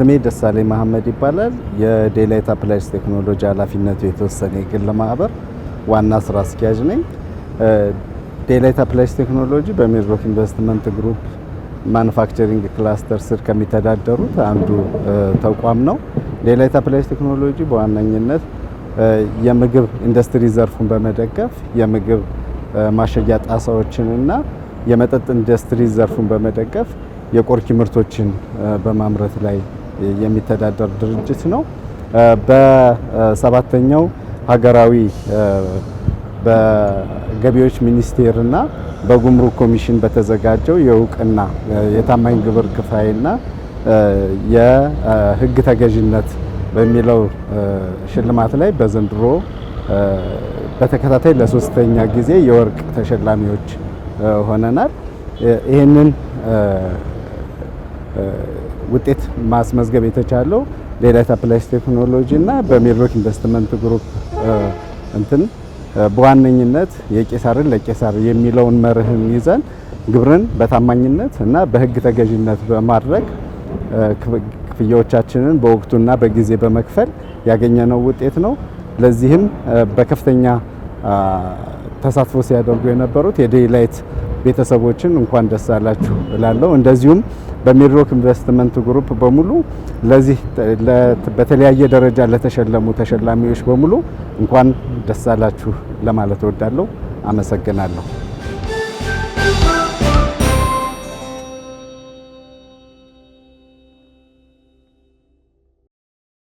ስሜ ደሳሌ መሐመድ ይባላል። የዴላይት አፕላይድ ቴክኖሎጂ ኃላፊነቱ የተወሰነ የግል ማህበር ዋና ስራ አስኪያጅ ነኝ። ዴላይት አፕላይድ ቴክኖሎጂ በሚድሮክ ኢንቨስትመንት ግሩፕ ማኑፋክቸሪንግ ክላስተር ስር ከሚተዳደሩት አንዱ ተቋም ነው። ዴላይት አፕላይድ ቴክኖሎጂ በዋነኝነት የምግብ ኢንዱስትሪ ዘርፉን በመደገፍ የምግብ ማሸጊያ ጣሳዎችንና የመጠጥ ኢንዱስትሪ ዘርፉን በመደገፍ የቆርኪ ምርቶችን በማምረት ላይ የሚተዳደር ድርጅት ነው። በሰባተኛው ሀገራዊ በገቢዎች ሚኒስቴርና በጉምሩክ ኮሚሽን በተዘጋጀው የእውቅና የታማኝ ግብር ክፋይና የሕግ ተገዥነት በሚለው ሽልማት ላይ በዘንድሮ በተከታታይ ለሶስተኛ ጊዜ የወርቅ ተሸላሚዎች ሆነናል። ይህንን ውጤት ማስመዝገብ የተቻለው ለዳታ ፕላስ ቴክኖሎጂ እና በሜድሮክ ኢንቨስትመንት ግሩፕ እንትን በዋነኝነት የቄሳርን ለቄሳር የሚለውን መርህን ይዘን ግብርን በታማኝነት እና በህግ ተገዥነት በማድረግ ክፍያዎቻችንን በወቅቱና በጊዜ በመክፈል ያገኘነው ውጤት ነው። ለዚህም በከፍተኛ ተሳትፎ ሲያደርጉ የነበሩት የዴይላይት ቤተሰቦችን እንኳን ደስ አላችሁ እላለሁ። እንደዚሁም በሚድሮክ ኢንቨስትመንት ግሩፕ በሙሉ ለዚህ በተለያየ ደረጃ ለተሸለሙ ተሸላሚዎች በሙሉ እንኳን ደስ አላችሁ ለማለት እወዳለሁ። አመሰግናለሁ።